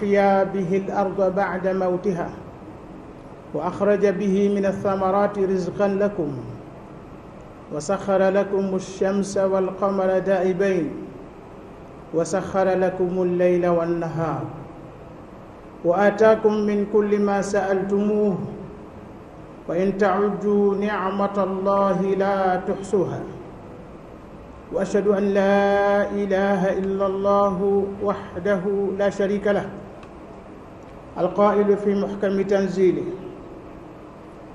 أحيا به الأرض بعد موتها وأخرج به من الثمرات رزقا لكم وسخر لكم الشمس والقمر دائبين وسخر لكم الليل والنهار وآتاكم من كل ما سألتموه وإن تعدوا نعمة الله لا تحصوها وأشهد أن لا إله إلا الله وحده لا شريك له القائل في محكم تنزيله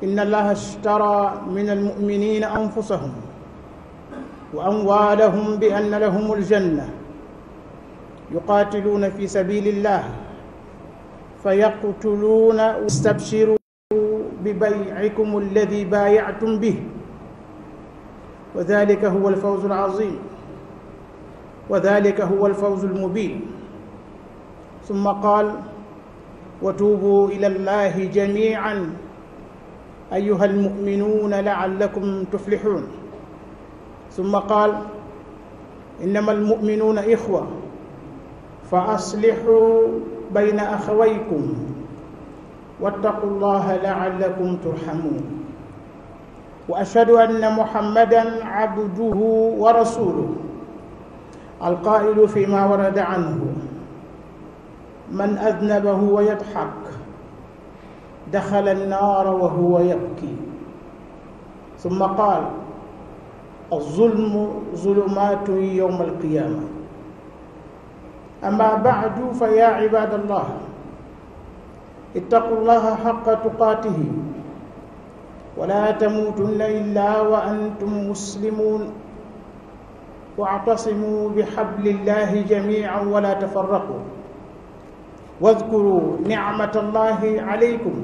إن الله اشترى من المؤمنين أنفسهم وأموالهم بأن لهم الجنة يقاتلون في سبيل الله فيقتلون واستبشروا ببيعكم الذي بايعتم به وذلك هو الفوز العظيم وذلك هو الفوز المبين ثم قال وتوبوا إلى الله جميعا أيها المؤمنون لعلكم تفلحون ثم قال إنما المؤمنون إخوة فأصلحوا بين أخويكم واتقوا الله لعلكم ترحمون وأشهد أن محمدا عبده ورسوله القائل فيما ورد عنه man adnabahu wa yadxak daxala annaara wa huwa yabki summa qaal الظلم ظلمات يوم القيامة أما بعد فيا عباد الله اتقوا الله حق تقاته ولا تموتن إلا وأنتم مسلمون واعتصموا بحبل الله جميعا ولا تفرقوا واذكروا نعمة الله عليكم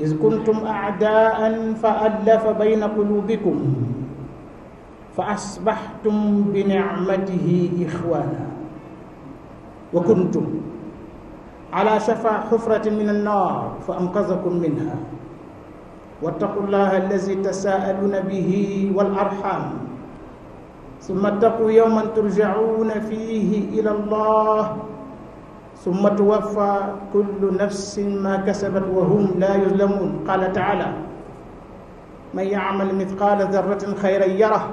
إذ كنتم أعداء فألف بين قلوبكم فأصبحتم بنعمته إخوانا وكنتم على شفا حفرة من النار فأنقذكم منها واتقوا الله الذي تساءلون به والأرحام ثم اتقوا يوما ترجعون فيه إلى الله summa tuwaffa kullu nafsin ma kasabat wa hum la yuzlamun qala taala man yaamal mithqaala darratin xayran yarah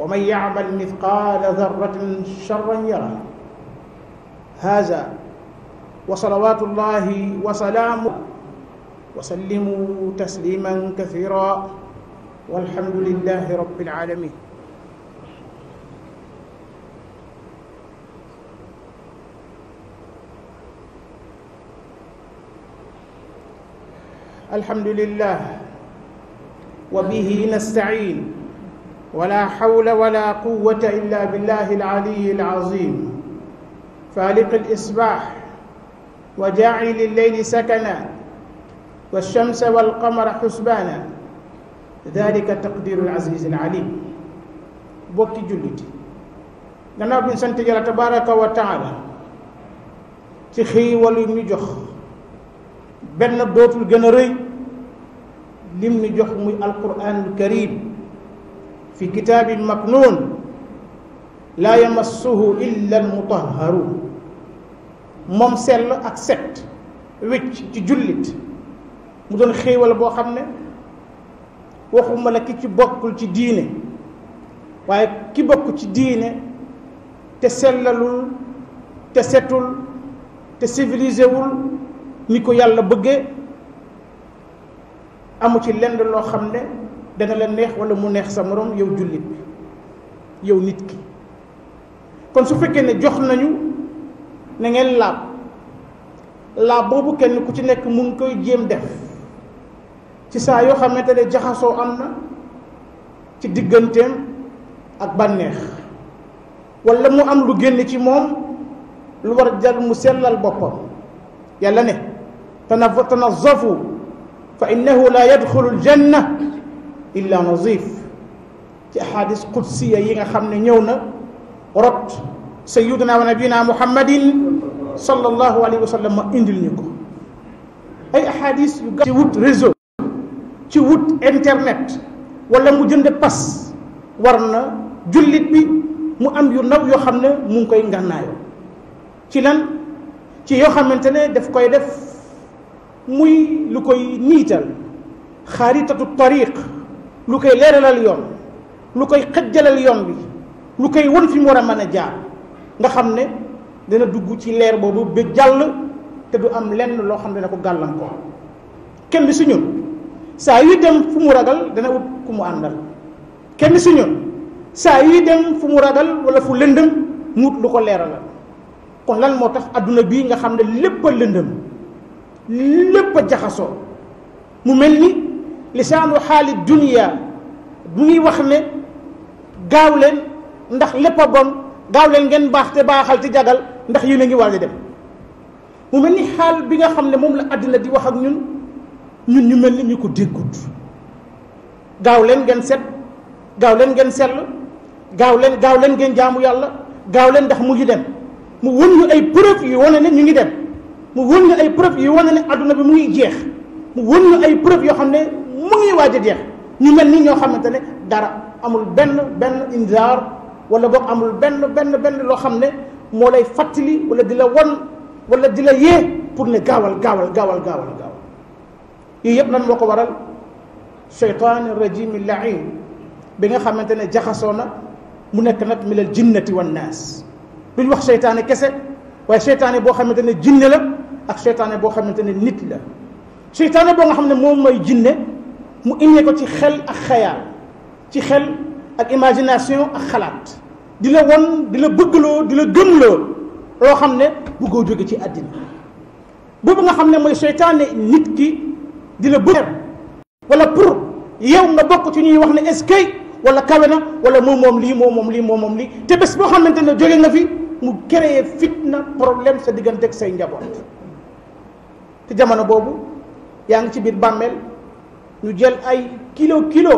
wa man yaamal mithqaala darratin charran yarah haza wa salawaatu llahi wa salaamu wa sallimu tasliman kathira walhamdulillahi rabbil alamin الحمد لله وبه نستعين ولا حول ولا قوة إلا بالله العلي العظيم فالق الإصباح وجاعل الليل سكنا والشمس والقمر حسبانا ذلك تقدير العزيز العليم bokki julliti gannaaw bi ñu sant Yàlla tabaraka wa taala ci xéewal yu ñu jox benn bootul gën a rëy lim ñu jox muy alquranul karim fi kitaabin maknuun laa yamassuhu illa almutahharuun moom sell ak set wécc ci jullit mu doon xéewal boo xam ne waxuma la ki ci bokkul ci diine waaye ki bokk ci diine te sellalul te setul te civilisé wul ni ko yàlla bëggee amu ci lend loo xam ne dana la neex wala mu neex sa moroom yow jullit bi yow nit ki kon su fekkee ne jox nañu na ngeen laab laab boobu kenn ku ci nekk mu ngi koy jéem def ci saa yoo xam ne jaxasoo am na ci digganteem ak bànneex wala mu am lu génn ci moom lu war jar mu sellal boppam yàlla ne tanazzafu fa innahu la yadxulu aljanna illa nazif ci ahadis qudsiya yi nga xam ne ñëw na rot sayyiduna wa nabiyina muhammadin sallallahu alayhi wa sallam ma indil ñu ay ahadis yu ci ci wut internet wala mu jënd pass war na jullit bi mu am yu ndaw yoo xam ne mu ngi koy ngànnaayoo ci lan ci yoo xamante ne daf koy def muy lu koy niital xaaritatu tariq lu koy leeralal yoon lu koy jëlal yoon bi lu koy won fi mu war a mën a jaar nga xam ne dana dugg ci leer boobu ba jàll te du am lenn loo xam ne dana ko gàllankoor kenn si ñun saa yuy dem fu mu ragal dana ut ku mu àndal kenn si ñun saa yuy dem fu mu ragal wala fu lëndëm mu ut lu ko leeralal kon lan moo tax àdduna bii nga xam ne lépp a lëndëm lépp a jaxasoo mu mel ni lisaanu xaali dunia bu ngi wax ne gaaw leen ndax lépp a bon gaaw leen ngeen baax te baaxal ci jagal ndax yéen a ngi waaj a dem mu mel ni xaal bi nga xam ne moom la àddina di wax ak ñun ñun ñu mel ni ñu ko déggut gaaw leen ngeen set gaaw leen ngeen sell gaaw leen gaaw leen ngeen jaamu yàlla gaaw leen ndax mu ngi dem mu won ñu ay preuve yu wane ne ñu ngi dem mu wën na ay preuve yoo wane ne adduna bi mu ngi jeex mu wën ñu ay preuve yoo xam ne mu ngi waaj a jeex ñu mel ni ñoo xamante ne dara amul benn benn inzaar wala boo amul benn benn benn loo xam ne moo lay fàttali wala di la won wala di la yee pour ne gaawal gaawal gaawal gaawal gaawal yooyu yëpp lan moo ko waral cheytaani rajimi lain bi nga xamante ne jaxasoo na mu nekk nag minal jinnati wan naas duñ wax cheytaane kese waaye cheytaane boo xamante ne jinne la ak seytaane boo xamante ne nit la seytaane boo nga xam ne moom mooy jinne mu indee ko ci xel ak xayaal ci xel ak imagination ak xalaat di la won di la bëggloo di la gëmloo loo xam ne bëggoo jóge ci àddina boobu nga xam ne mooy seytaane nit ki di la bëgg wala pour yow nga bokk ci ñuy wax ne est-ce que wala kawe na wala moom moom lii moom moom lii moom moom lii te bés boo xamante ne jóge nga fi mu créer fitna problème sa diggante ak say njaboot te jamono boobu yaa ngi ci biir bàmmeel ñu jël ay kilo kilo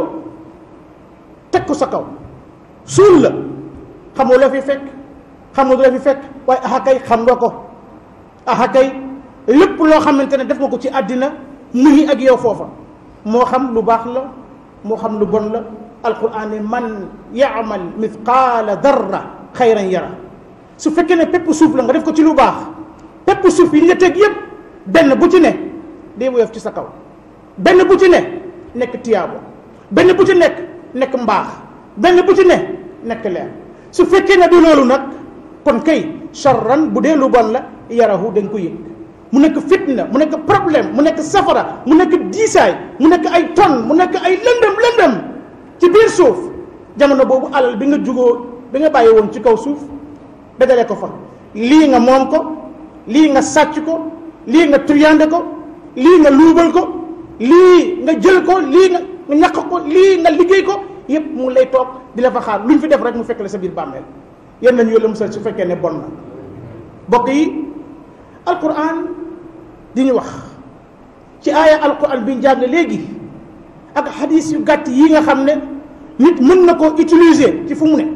teg ko sa kaw suul la xamoo la fi fekk xamoo la fi fekk waaye axakay xam nga ko axakay lépp loo xamante ne def nga ko ci àddina mu ak yow foofa moo xam lu baax la moo xam lu bon la alquran ne man yaamal mithqaala darra xayran yara su fekkee ne pépp suuf la nga def ko ci lu baax pépp suuf yi ñu la teg yépp benn bu ci ne day woyof ci sa kaw benn bu ci ne nekk tiyaabo benn bu ci nekk nekk mbaax benn bu ci ne nekk leer su fekkee ne du loolu nag kon kay charran bu dee lu bon la yarahu dañ ko yëg mu nekk fitna mu nekk problème mu nekk safara mu nekk diisaay mu nekk ay ton mu nekk ay lëndëm lëndëm ci biir suuf jamono boobu alal bi nga jugoo bi nga bàyyi woon ci kaw suuf dajale ko fa lii nga moom ko lii nga sàcc ko lii nga tuyaande ko lii nga luubal ko lii nga jël ko lii nga ñàq ko lii nga liggéey ko yëpp mu lay toog di la fa xaar luñ fi def rek mu fekk la sa biir bàmmeel yéen nañu yàlla musal su fekkee ne bon na bokk yi alquran di ñu wax ci aaya alquran bi ñu léegi ak xadis yu gàtt yi nga xam ne nit mën na koo utiliser ci fu mu ne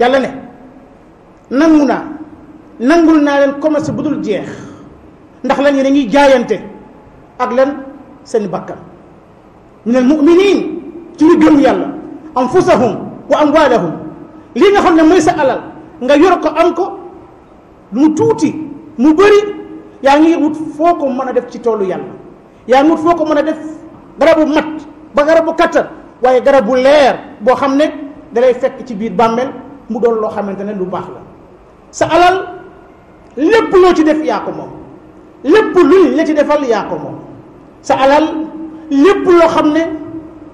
yàlla ne nangu naa nangul naa leen commerce bu dul jeex ndax lan dangay jaayante ak lan seen bakkan mu al muminin ci ñu gëm yàlla anfusahum wa amwalahum lii nga xam ne mooy sa alal nga yor ko am ko mu tuuti mu bëri yaa ngi wut foo ko mën a def ci toolu yàlla yaa ngi wut foo ko mën a def garabu mat ba garabu kattan waaye garabu leer boo xam ne dalay fekk ci biir bàmmeel mu doon loo xamante ne lu baax la sa alal lépp loo ci def yaa ko moom lépp luñ la ci defal yaa ko moom sa alal lépp loo xam ne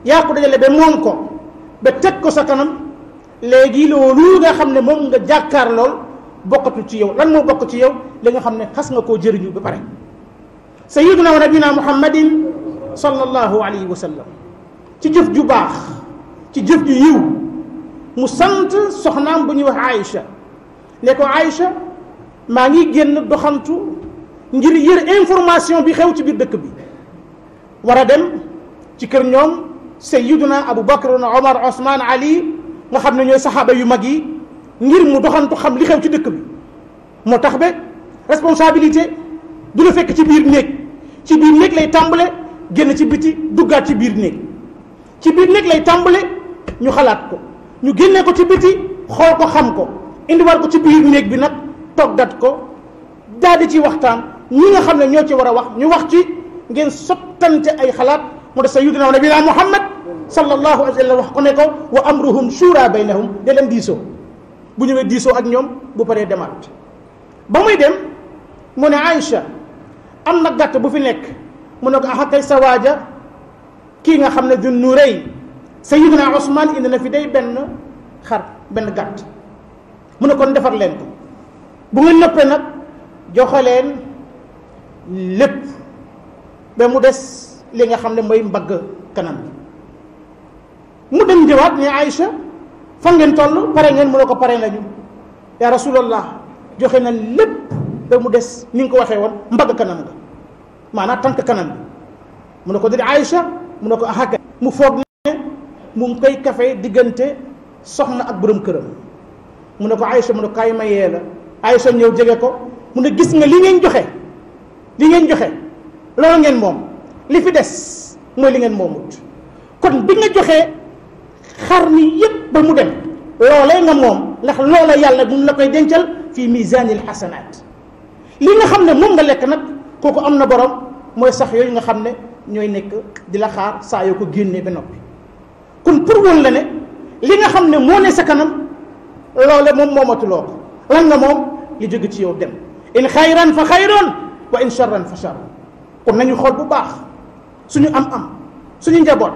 yaa ko dajale ba moom ko ba teg ko sa kanam léegi loolu nga xam ne moom nga jàkkaar lool bokkatu ci yow lan moo bokk ci yow li nga xam ne xas nga koo jëriñu ba pare sayyiduna wa nabina muhammadin sallallahu alayhi wa sallam ci jëf ju baax ci jëf ju yiw mu sant soxnaam bu ñuy wax Aïcha ne ko Aïcha maa ngi génn doxantu ngir yër information bi xew ci biir dëkk bi war a dem ci kër ñoom sayyiduna Abu Bakr Omar Ousmane Ali nga xam ne ñooy saxaaba yu mag yi ngir mu doxantu xam li xew ci dëkk bi moo tax ba responsabilité du la fekk ci biir néeg ci biir néeg lay tàmbale génn ci biti duggaat ci biir néeg ci biir néeg lay tàmbale ñu xalaat ko ñu génnee ko ci biti xool ko xam ko indiwaat ko ci biir néeg bi nag toggat ko daal ci waxtaan ñi nga xam ne ñoo ci war a wax ñu wax ci ngeen sottante ay xalaat mu def sayyidina nabina muhammad sallallahu alayhi wa sallam wax ko ne ko wa amruhum shura baynahum de leen diisoo bu ñëwee diisoo ak ñoom bu paree demaat ba muy dem mu ne Aïcha am na gàtt bu fi nekk mu ne ko ah kay sa waaja kii nga xam ne du nuurey sayyidina Ousmane indi na fi day benn xar benn gàtt mu ne kon defar leen ko bu ngeen nëppee nag joxe leen lépp ba mu des li nga xam ne mooy mbagg kanam bi mu dem jëwaat ne Aïcha fan ngeen toll pare ngeen mu ne ko pare nañu yaa rasulallah joxe na lépp ba mu des ni nga ko waxee woon mbagg kanam nga maanaam tànk kanam bi mu ne ko déet Aïcha mun ne ko ahaka mu foog ne mu kafe diggante soxna ak borom këram mu ne ko Aïcha mu ne ko kaay ma yee la Aïcha ñëw jege ko mun a gis nga li ngeen joxe li ngeen joxe loolu ngeen moom li fi des mooy li ngeen moomut kon bi nga joxee xar ni yépp ba mu dem loolee nga moom ndax loola yàlla mun la koy dencal fii misanil xasanaat li nga xam ne moom nga lekk nag kooku am na borom mooy sax yooyu nga xam ne ñooy nekk di la xaar saa yoo ko génnee ba noppi kon pour woon la ne li nga xam ne moo ne sa kanam loole moom moomatuloo ko lan nga moom li jóge ci yow dem in xayran fa xayroon wa in charran fa charr kon nañu xool bu baax suñu am-am suñu njaboot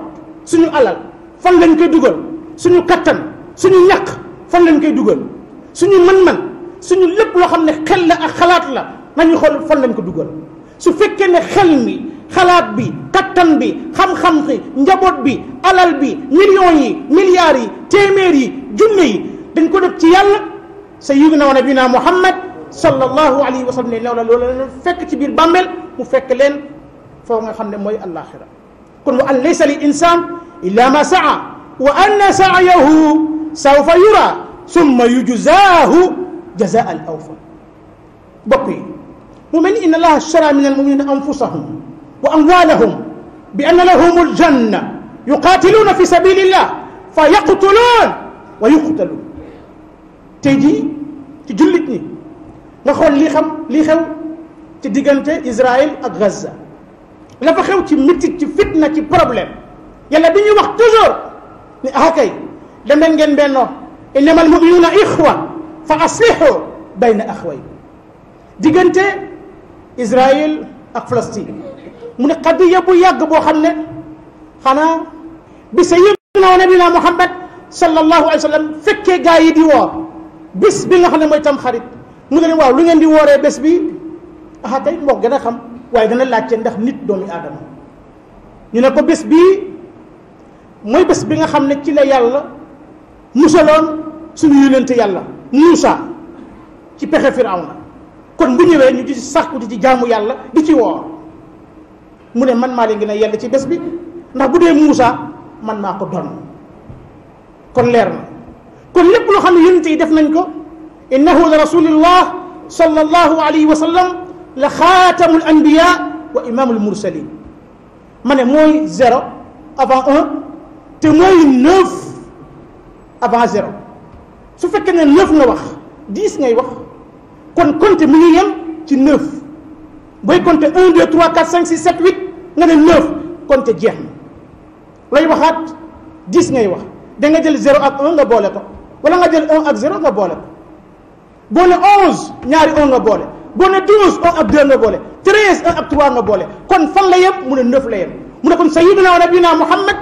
suñu alal fan lañ koy dugal suñu kattan suñu ñàkk fan lañ koy dugal suñu mën-mën suñu lépp loo xam ne xel la ak xalaat la nañu xool fan lañ ko dugal su fekkee ne xel mi xalaat bi kattan bi xam-xam bi njaboot bi alal bi millions yi milliards yi téeméer yi junne yi dañ ko def ci yàlla sayyidina wa nabina muhammad sallallahu alayhi wa sallam ne loolu loolu leen fekk ci biir bàmmeel mu fekk leen foo nga xam ne mooy allaaxira kon wa an laysa lil insaan illa ma saa wa anna saayahu sawfa yura summa yujzaahu jazaa al awfa bokk yi mu mel ni inna allaha ashtara min almuminina anfusahum wa amwalahum bi anna lahum aljanna yuqaatiluuna fi sabilillah fa yaqtuluun wa yuqtaluun tey jii ci jullit ñi nga xool li xam li xew ci diggante Israël ak Gaza la fa xew ci mitit ci fitna ci problème yàlla bi ñuy wax toujours ni ah kay demeen ngeen bennoo innamal muminuuna ixwa fa aslihu bayna axway diggante Israël ak Palestine mu ne qadiya bu yàgg boo xam ne xanaa bi sayyidina wa nabina Muhammad sallallahu alayhi wa sallam fekkee gaa yi di woor bis bi nga xam ne mooy tam nu nga waaw lu ngeen di wooree bés bi aha tey gën a xam waaye dana laajte ndax nit doomi aadama ñu ne ko bii mooy bés bi nga xam ne ci la yàlla musaloon suñu yonent yàlla Muusa ci pexe Firawna kon bu ñëwee ñu di sàkku di ci jaamu yàlla di ci woor mu ne man maa leen gën a yell ci bés bi ndax bu dee Muusa man maa ko doon kon leer na kon lépp loo xam ne yonent yi def nañ ko إنه لرسول الله صلى الله عليه وسلم لخاتم الأنبياء وإمام المرسلين ما ne mooy zéro avant un te mooy neuf avant zéro su fekkee ne neuf nga wax dix ngay wax kon compter mu ngi yem ci neuf booy compter un deux trois quatre cinq six sept huit nga ne neuf compter jeex na lay waxaat dix ngay wax da nga jël zéro ak un nga boole ko wala nga jël un ak zéro nga boole ko. boo ne onze ñaari un nga boole boo ne douze un ak deux nga boole treize un ak trois nga boole kon fan la yem mu ne neuf la yem mu a kon sayyidina wa nabiyina muhammad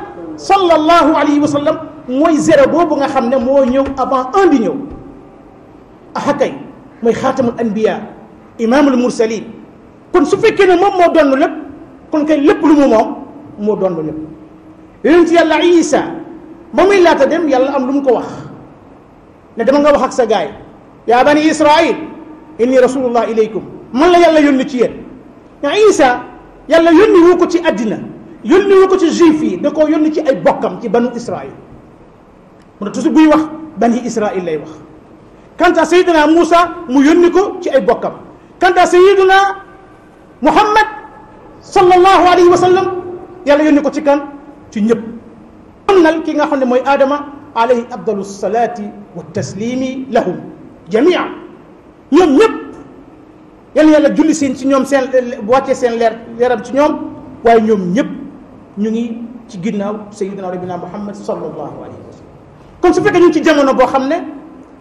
sallallahu alayhi wa sallam mooy zéro boobu nga xam ne moo ñëw avant un di ñëw a kay mooy xaatamul anbiya imaamul mursalin kon su fekkee ne moom moo donn lépp kon kay lépp lu mu moom moo doon lépp yonent yàlla isa ba muy laata dem yàlla am lu mu ko wax ne dama nga sa gaay yaa bani israil inni rasulullah ilaykum man la yàlla yónni ci yéen ñaa isa yàlla yónni wu ko ci àddina yónni wu ko ci juif yi da koo yónni ci ay bokkam ci banu israil mu ne toujours buy wax bani israil lay wax quant à sayidina moussa mu yónni ko ci ay bokkam quant à sayidina muhammad sallallahu alayhi wa sallam yàlla yónni ko ci kan ci ñëpp am nal ki nga xam ne mooy aadama alayhi afdalu salaati wa taslimi lahum jamian ñoom ñëpp yal na yàlla julli seen ci ñoom seen wàccee seen leer leeram ci ñoom waaye ñoom ñëpp ñu ngi ci ginnaaw sayyidina rabbina muhammad sallallahu alayhi wa sallam kon su ci jamono boo xam ne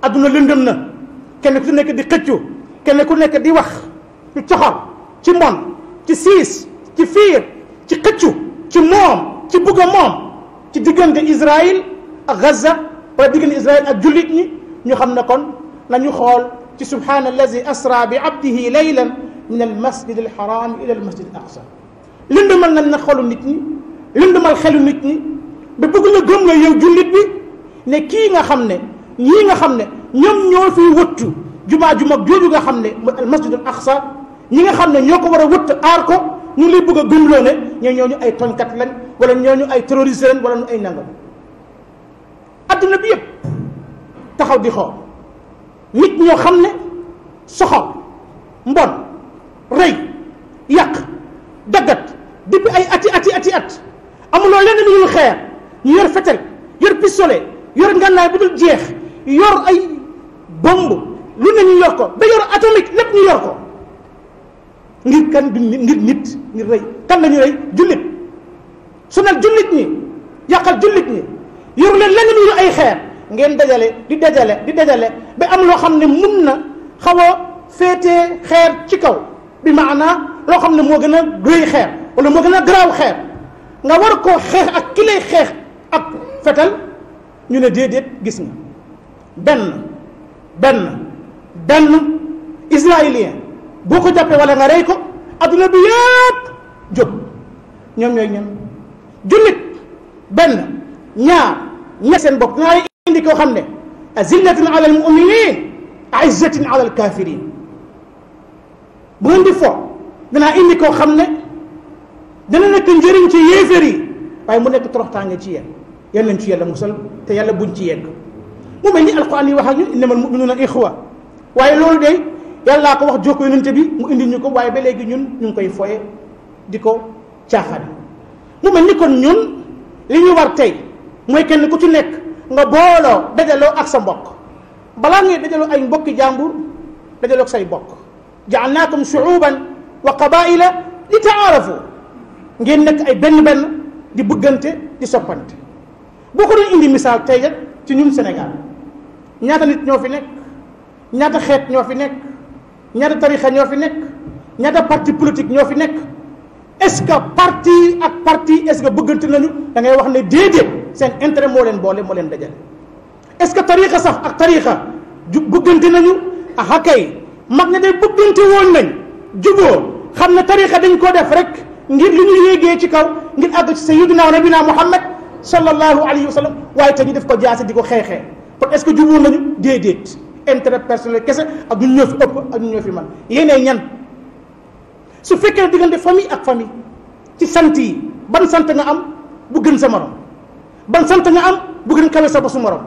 adduna lëndëm na kenn ku nekk di xëccoo kenn ku nekk di wax ci coxor ci mbon ci siis ci fiir ci xëccu ci moom ci bugg a moom ci diggante Israël ak Gaza wala diggante Israël ak jullit ñi ñu xam ne kon nañu xool ci subhaana allazi asra bi abdihi laylan min al masjid al haram ila al masjid al aqsa lëndëmal nañ na xolu nit ñi ma xelu nit ñi ba bëgg la gëm la yow jullit bi ne kii nga xam ne ñii nga xam ne ñoom ñoo fiy wëttu jumaa ju mag jooju nga xam ne al masjid al aqsa ñi nga xam ne ñoo ko war a wëtt aar ko ñu ngi lay bëgg a gëmloo ne ñoo ñooñu ay toñkat lañ wala ñu ay terroriste lañ wala ñu ay nangam adduna bi yëpp taxaw di xool nit ñoo xam ne soxor mbon rey yàq daggat depuis ay ati ati ati at amuloo lenn lu ñuy xeer ñu yor fetel yor pistolet yor ngànnaay bu dul jeex yor ay bomb lu ne ñu yor ko ba yor atomique lépp ñu yor ko ngir kan duñ nit ngir rey kan la ñu rey jullit su nag jullit ñi yàqal jullit ñi yoru leen lenn lu ñu ay xeer ngeen dajale di dajale di dajale ba am loo xam ne mun na xaw a féetee xeer ci kaw bi maanaa loo xam ne moo gën a rëy xeer wala moo gën a garaaw xeer nga war ko xeex ak ki xeex ak fetal ñu ne déedéet gis nga benn benn benn israélien boo ko jàppee wala nga rey ko adduna bi yëpp jóg ñoom ñooy ñan jullit benn ñaar ña seen bopp ñaari indi koo xam ne azillatin ala al muminin izzatin ala al kafirin bu ngeen di fo danaa indi koo xam ne dana nekk njëriñ ci yéeféer waaye mu nekk toroxtaange ci yéen yal nañ ci yàlla musal te yàlla buñ ci yegg mu mel ni alquran yi wax ak ñun innamal muminuna ixwa waaye loolu de yàllaa ko wax jokko yonente bi mu indi ñu ko waaye ba léegi ñun ñu ngi koy foye di ko caaxaan mu mel ni kon ñun li ñu war tey mooy kenn ku ci nekk nga booloo dajaloo ak sa mbokk balaa ngay dajaloo ay mbokki jàmbur dajaloo ak say mbokk jaalnaakum shuuban wa qabaila li taarafu ngeen nekk ay benn benn di bëggante di soppante boo ko doon indi misaal tey rek ci ñun Sénégal ñaata nit ñoo fi nekk ñaata xeet ñoo fi nekk ñaata tarixa ñoo fi nekk ñaata parti politique ñoo fi nekk est-ce que parti ak parti est-ce que bëggante nañu da ngay wax ne déedéet seen intérêt moo leen boole moo leen dajale est-ce que tariqa sax ak tariqa ju bëggante nañu ah kay mag ne day bëggante woon nañ juboo xam ne tariqa dañ koo def rek ngir lu ñu yéegee ci kaw ngir àgg ci sayyidina nabina muhammad sallallahu alayhi wa sallam waaye te ñu def ko jaase di ko xeexee kon est-ce que juboo nañu déedéet intérêt personnel kese ak ñu ñoo fi ëpp ak ñu ñoo fi man yéenee ñan su fekkee diggante famille ak famille ci sant yi ban sant nga am bu gën sa morom ban sant nga am bu gën kawe saba bosu morom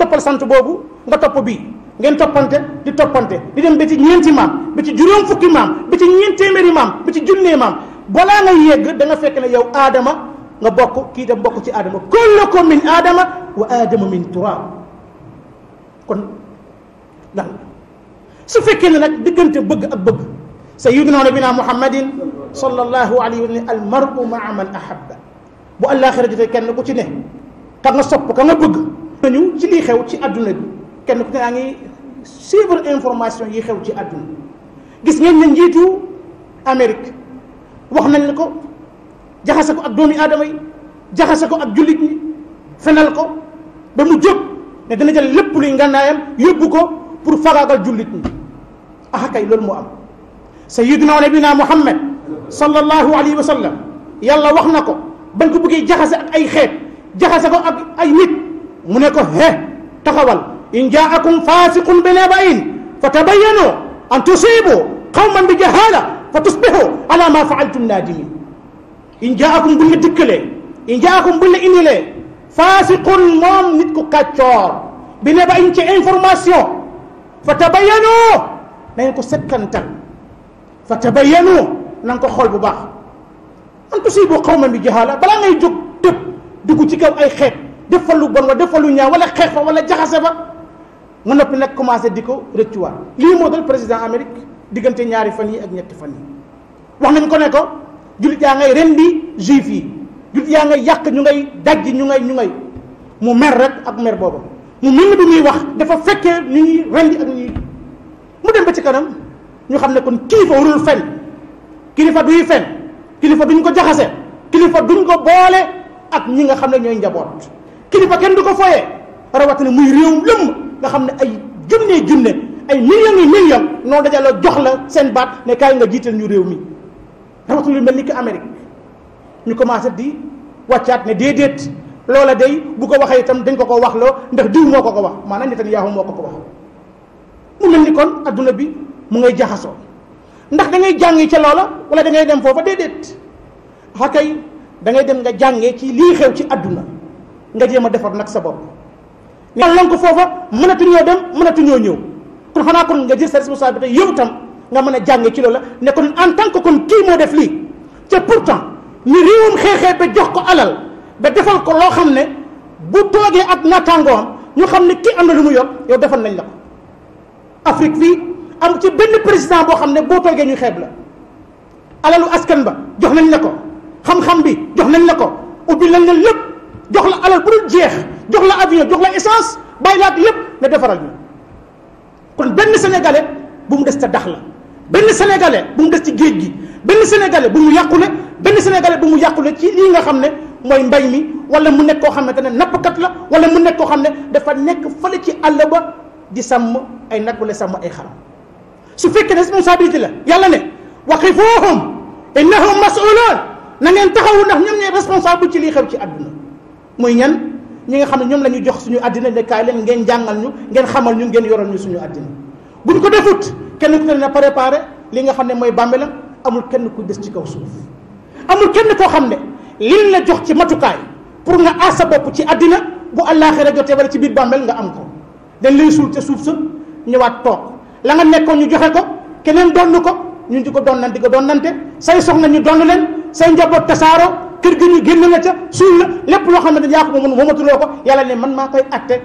toppal sant boobu nga topp bii ngeen toppante di toppante di dem ba ci ñeenti maam ba ci juróom fukki maam ba ci ñeent téeméeri maam ba ci junnee maam balaa nga yegg da nga fekk ne yow aadama nga bokk kii dem bokk ci aadama kullukum min aadama wa aadama min turaab kon lan su fekkee ne nag diggante bëgg ak bëgg sayyiduna nabina muhammadin sallallahu alayhi wa sallam al mar'u maa man ahabba bu àllaaxira jotee kenn ku ci ne ka nga sopp ka nga bëgg nañu ci lii xew ci àdduna bi kenn ku ne yaa ngi suivre information yi xew ci àdduna gis ngeen ne njiitu Amérique wax na la ko jaxase ko ak doomi aadama yi jaxase ko ak jullit ñi fenal ko ba mu jóg ne dana jël lépp luy ngànnaayam yóbbu ko pour fagaagal jullit ñi ah kay loolu moo am sayyiduna nabina muhammad sallallahu alayhi wa sallam yàlla wax na ko bañ ko bëggee jaxase ay xeet jaxase ko ak nit mu ne ko he taxawal in jaakum faasiqun bi nabain fa tabayyanu an tusibu qawman bi jahala fa tusbihu ala ma faaltum naadimi in jaakum buñ la dikkalee in jaakum buñ la indilee faasiqun moom nit ku kàccoor bi nabain ci information fa tabayyanu na ngeen ko setkantal fa tabayyanu ko xool bu baax an tusibu qawman bi jahaala balaa ngay jóg tëb dugg ci kaw ay xeet def fa lu bon wa def fa lu ñaaw wala xeex fa wala jaxase fa nga noppi nag commencé di ko rëccuwaat lii moo dal président Amérique diggante ñaari fan yi ak ñetti fan yi wax nañ ko ne ko jullit yaa ngay rendi juif yi jullit yaa ngay yàq ñu ngay dajji ñu ngay ñu ngay mu mer rek ak mer booba mu mel ni bi muy wax dafa fekkee ñu ñuy rendi ak ñuy mu dem ba ci kanam ñu xam ne kon kilifa warul kilifa duy fen kilifa duñ ko jaxase kilifa duñ ko boole ak ñi nga xam ne ñooy njaboot kilifa kenn du ko foyee rawatina muy réewum lëmm nga xam ne ay junne junne ay millions yi millions noo dajale jox la seen baat ne kaay nga jiital ñu réew mi rawatina lu mel ni ki Amérique ñu commencé di wàccaat ne déedéet loola day bu ko waxee itam dañ ko ko wax loo ndax diw moo ko ko wax maa maanaam Netanyahu moo ko ko wax mu mel ni kon adduna bi mu ngay jaxasoo. ndax da ngay ci ca loola wala da ngay dem foofa déedéet xakay da dangay dem nga jàngee ci lii xew ci àdduna nga jéem a defar nag sa bopp yàlla lan ko foofa mënatuñoo dem mënatuñoo ñëw kon xanaa kon nga jël sa responsabilité yow tam nga mën a jàngee ci loola ne kon en tant que kon kii moo def lii te pourtant ñu réewum xeexee ba jox ko alal ba defal ko loo xam ne bu toogee ak naataangoom ñu xam ne kii am na lu mu yor yow defal nañ la ko Afrique fii am ci benn président boo xam ne boo toogee ñu xeeb la alalu askan ba jox nañ ne ko xam-xam bi jox nañ ne ko ubbi nañ la yëpp jox la alal bu dul jeex jox la avion jox la essence bàyyi laat lépp nga defaral ñu kon benn sénégalais bu mu des ca dax la benn sénégalais bu mu des ci géej gi benn sénégalais bu mu yàqule benn sénégalais bu mu yàqule ci lii nga xam ne mooy mbay mi wala mu nekk koo xam ne te ne nappkat la wala mu nekk koo xam ne dafa nekk fële ci àll ba di ay nag wala sàmm ay xaram su fekkee responsabilité la yàlla ne waqifuhum innahum mas'uluun na ngeen taxawu ndax ñoom ñooy responsable ci lii xew ci àdduna muy ñan ñi nga xam ne ñoom la ñu jox suñu àddina ne leen ngeen jàngal ñu ngeen xamal ñu ngeen yoral ñu suñu àddina buñ ko defut kenn ku ne na préparé li nga xam ne mooy bàmmeelam amul kenn ku des ci kaw suuf amul kenn koo xam ne liñ la jox ci matukaay pour nga aar sa bopp ci àddina bu àllaaxira jotee wala ci biir bàmmeel nga am ko dañ lay suul ca suuf sa ñëwaat toog la nekkoon ñu joxe ko keneen donn ko ñun di ko donnante ko donnante say soxna ñu donn leen say njaboot tasaaroo kër gi ñu génn la ca suul la lépp loo xam ne yaa ko moom moomatuloo ko yàlla ne man maa koy atte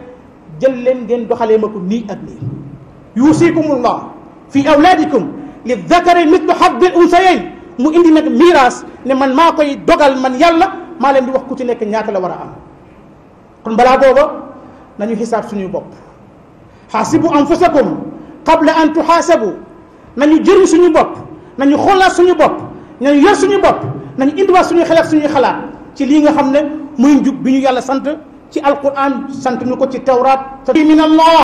jël leen ngeen doxalee ma ko nii ak nii yuusikumullah fi awlaadikum li dakari mitlu habbil unsayayn mu indi nag miraas ne man maa koy dogal man yàlla maa leen bi wax ku ci nekk ñaata la war a am kon balaa booba nañu xisaab suñuy bopp xaasibu anfusakum qabla an tuxaasabu nañu jëriñ suñu bopp nañu xoolaat suñu bopp nañu yor suñu bopp nañu indiwaat suñu xel ak suñuy xalaat ci lii nga xam ne muy njub bi ñu yàlla sant ci alquran sant ñu ko ci tawraat min allah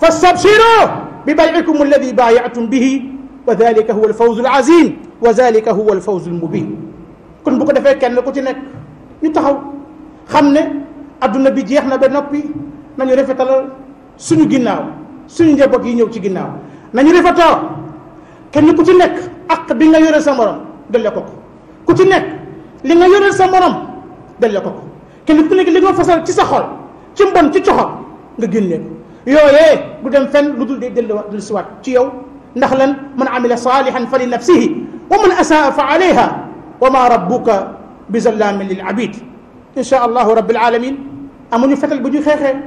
fastabshiru bi bay'ikum alladi baayatum bihi wa dalika huwa alfawzu alazim wa dalika huwa alfawzu almubin kon bu ko defee kenn ku ci nekk ñu taxaw xam ne adduna bi jeex na ba noppi nañu rafetal suñu ginnaaw suñu njaboot yi ñëw ci ginnaaw nañu rafetoo kenn ku ci nekk ak bi nga yoreel sa morom delloo ko ko ku ci nekk li nga yoreel sa morom delloo ko ko kenn ku nekk li nga fasal ci sa xol ci mbon ci coxo nga génne ko yooyee du dem fenn lu dul day delloo dul siwaat ci yow ndax lan man amila salihan fa li nafsihi wa man asaa fa alayha wa ma rabbuka bi zallamin lil abid insha allahu rabbil alamin amuñu fetal bu ñu xeexee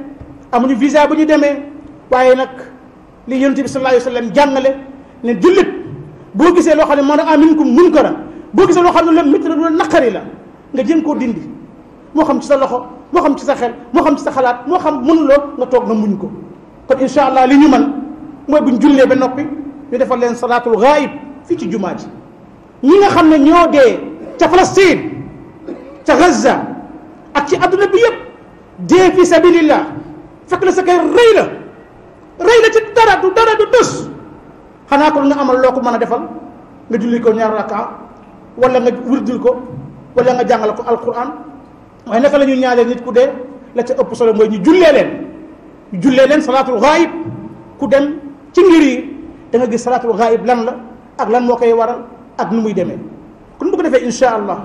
amuñu visa bu ñu demee waaye nag li yonent bi sallallahu alayhi wa sallam jàngale ne jullit boo gisee loo xam ne man a aminkum munkara boo gisee loo xam ne la métti la du naqari la nga jéem koo dindi moo xam ci sa loxo moo xam ci sa xel moo xam ci sa xalaat moo xam mënuloo nga toog na muñ ko kon incha allah li ñu man mooy buñ jullee ba noppi ñu defal leen salaatul ghaib fii ci jumaa ji ñi nga xam ne ñoo dee ca Palestine ca Gaza ak ci adduna bi yëpp dee fi sabilillah fekk sa kay rëy la rëy la ci dara du dara du tus xanaa kon nga amal loo ko mën a defal nga julli ko ñaar rakka wala nga wirdil ko wala nga jàngal ko alquran waaye naka la ñuy ñaareel nit ku dee la ci ëpp solo mooy ñu jullee leen ñu jullee leen salaatul gaayib ku dem ci ngir yi da nga gis salaatul gaayib lan la ak lan moo koy waral ak nu muy demee kon bu defee insha allah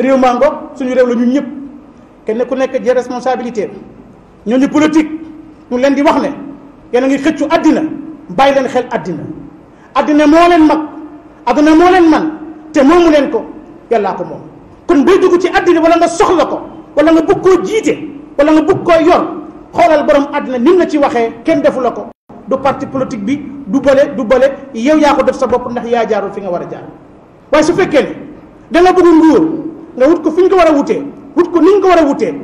réew maa ngoog suñu réew la ñun ñëpp kenn ku nekk jël responsabilité ñooñu politique ñu leen di wax ne yéen a ngi xëccu àddina bàyyi leen xel addina addina moo leen mag addina moo leen man te moomu leen ko yàllaa ko moom kon booy dugg ci addina wala nga soxla ko wala nga bëgg koo jiite wala nga bëgg koo yor xoolal borom àddina nim la ci waxee kenn defu la ko du parti politique bi du bële du bële yow yaa ko def sa bopp ndax yaa jaarul fi nga war a jaar waaye su fekkee ne da nga bëgg nguur nga wut ko fi ñu ko war a wutee wut ko ni ñu ko war a wutee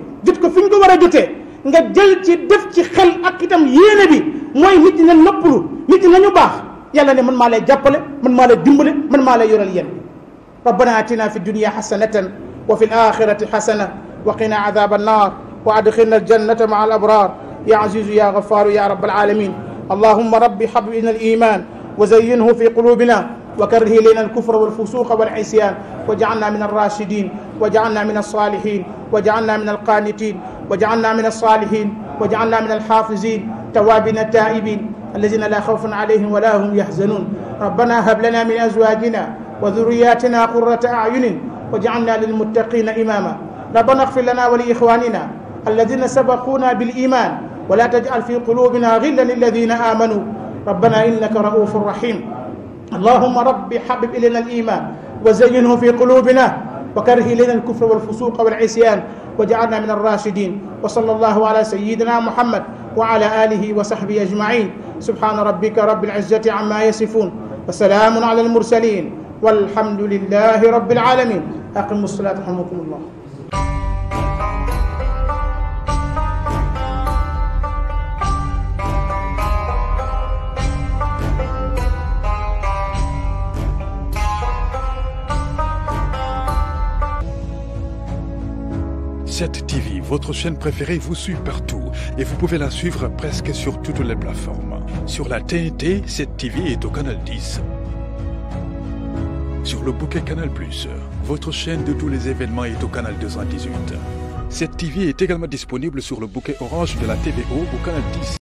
ko fi ko war a jotee nga jël ci def ci xel ak itam yéene bi mooy nit ñi na noppalu nit ñi nañu baax yàlla ne man maa lay jàppale man maa lay dimbale man maa lay yoral yéen rabbana atina fi dunya xasanatan wa fi l axirati xasana wa qina adaba annar wa adxilna aljannata maa al abrar ya azizu ya gafaru ya rabbal alamin allahumma rabbi hab lina al iman wa zayyinhu fi qulubina وكره إلينا الكفر والفسوق والعصيان واجعلنا من الراشدين واجعلنا من الصالحين واجعلنا من القانتين واجعلنا من الصالحين واجعلنا من الحافظين التوابين التائبين الذين لا خوف عليهم ولا هم يحزنون ربنا هب لنا من أزواجنا وذرياتنا قرة أعين واجعلنا للمتقين إماما ربنا اغفر لنا ولإخواننا الذين سبقونا بالإيمان ولا تجعل في قلوبنا غلا للذين آمنوا ربنا إنك رؤوف رحيم اللهم رب حبب إلينا الإيمان وزينه في قلوبنا وكره إلينا الكفر والفسوق والعصيان وجعلنا من الراشدين وصلى الله على سيدنا محمد وعلى آله وصحبه أجمعين سبحان ربك رب العزة عما يصفون وسلام على المرسلين والحمد لله رب العالمين أقم الصلاة رحمكم الله 7 TV, votre chaîne préférée, vous suit partout et vous pouvez la suivre presque sur toutes les plateformes. Sur la TNT, 7 TV est au canal 10. Sur le bouquet Canal+, votre chaîne de tous les événements est au canal 218. 7 TV est également disponible sur le bouquet orange de la TVO au canal 10.